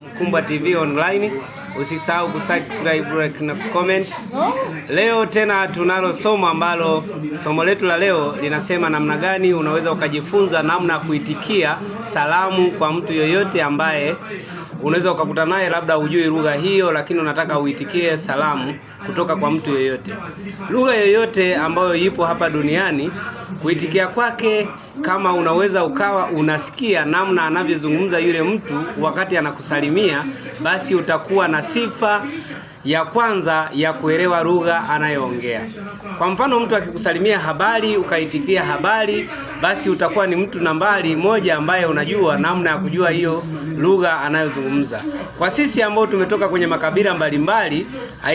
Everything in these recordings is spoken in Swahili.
Mkumba TV online Usisahau kusubscribe, like na comment. Leo tena tunalo somo ambalo somo letu la leo linasema namna gani unaweza ukajifunza namna ya kuitikia salamu kwa mtu yoyote ambaye unaweza ukakuta naye labda hujui lugha hiyo, lakini unataka uitikie salamu kutoka kwa mtu yoyote. Lugha yoyote ambayo ipo hapa duniani, kuitikia kwake, kama unaweza ukawa unasikia namna anavyozungumza yule mtu wakati anakusalimia, basi utakuwa na participa. ya kwanza ya kuelewa lugha anayoongea. Kwa mfano, mtu akikusalimia habari ukaitikia habari, basi utakuwa ni mtu nambari moja ambaye unajua namna ya kujua hiyo lugha anayozungumza. Kwa sisi ambao tumetoka kwenye makabila mbalimbali,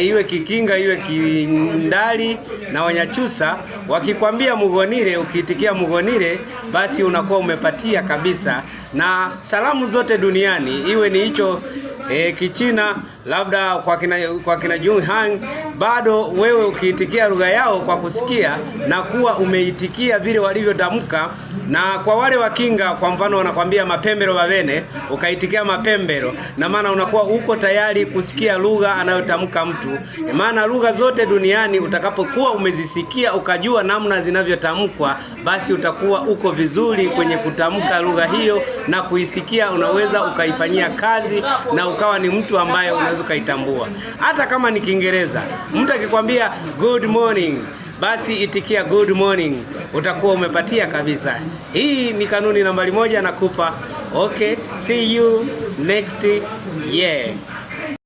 iwe Kikinga, iwe Kindali na Wanyachusa, wakikwambia Mugonile, ukiitikia Mugonile, basi unakuwa umepatia kabisa. Na salamu zote duniani, iwe ni hicho e, Kichina labda kwa kina kwa kina Jung Hang, bado wewe ukiitikia lugha yao kwa kusikia na kuwa umeitikia vile walivyotamka, na kwa wale Wakinga kwa mfano wanakwambia mapembero wavene, ukaitikia mapembero, na maana unakuwa uko tayari kusikia lugha anayotamka mtu. E, maana lugha zote duniani utakapokuwa umezisikia ukajua namna zinavyotamkwa, basi utakuwa uko vizuri kwenye kutamka lugha hiyo na kuisikia, unaweza ukaifanyia kazi na ukawa ni mtu ambaye unaweza ukaitambua hata kama ni Kiingereza. Mtu akikwambia good morning, basi itikia good morning, utakuwa umepatia kabisa. Hii ni kanuni nambari moja, nakupa. Okay, see you next year.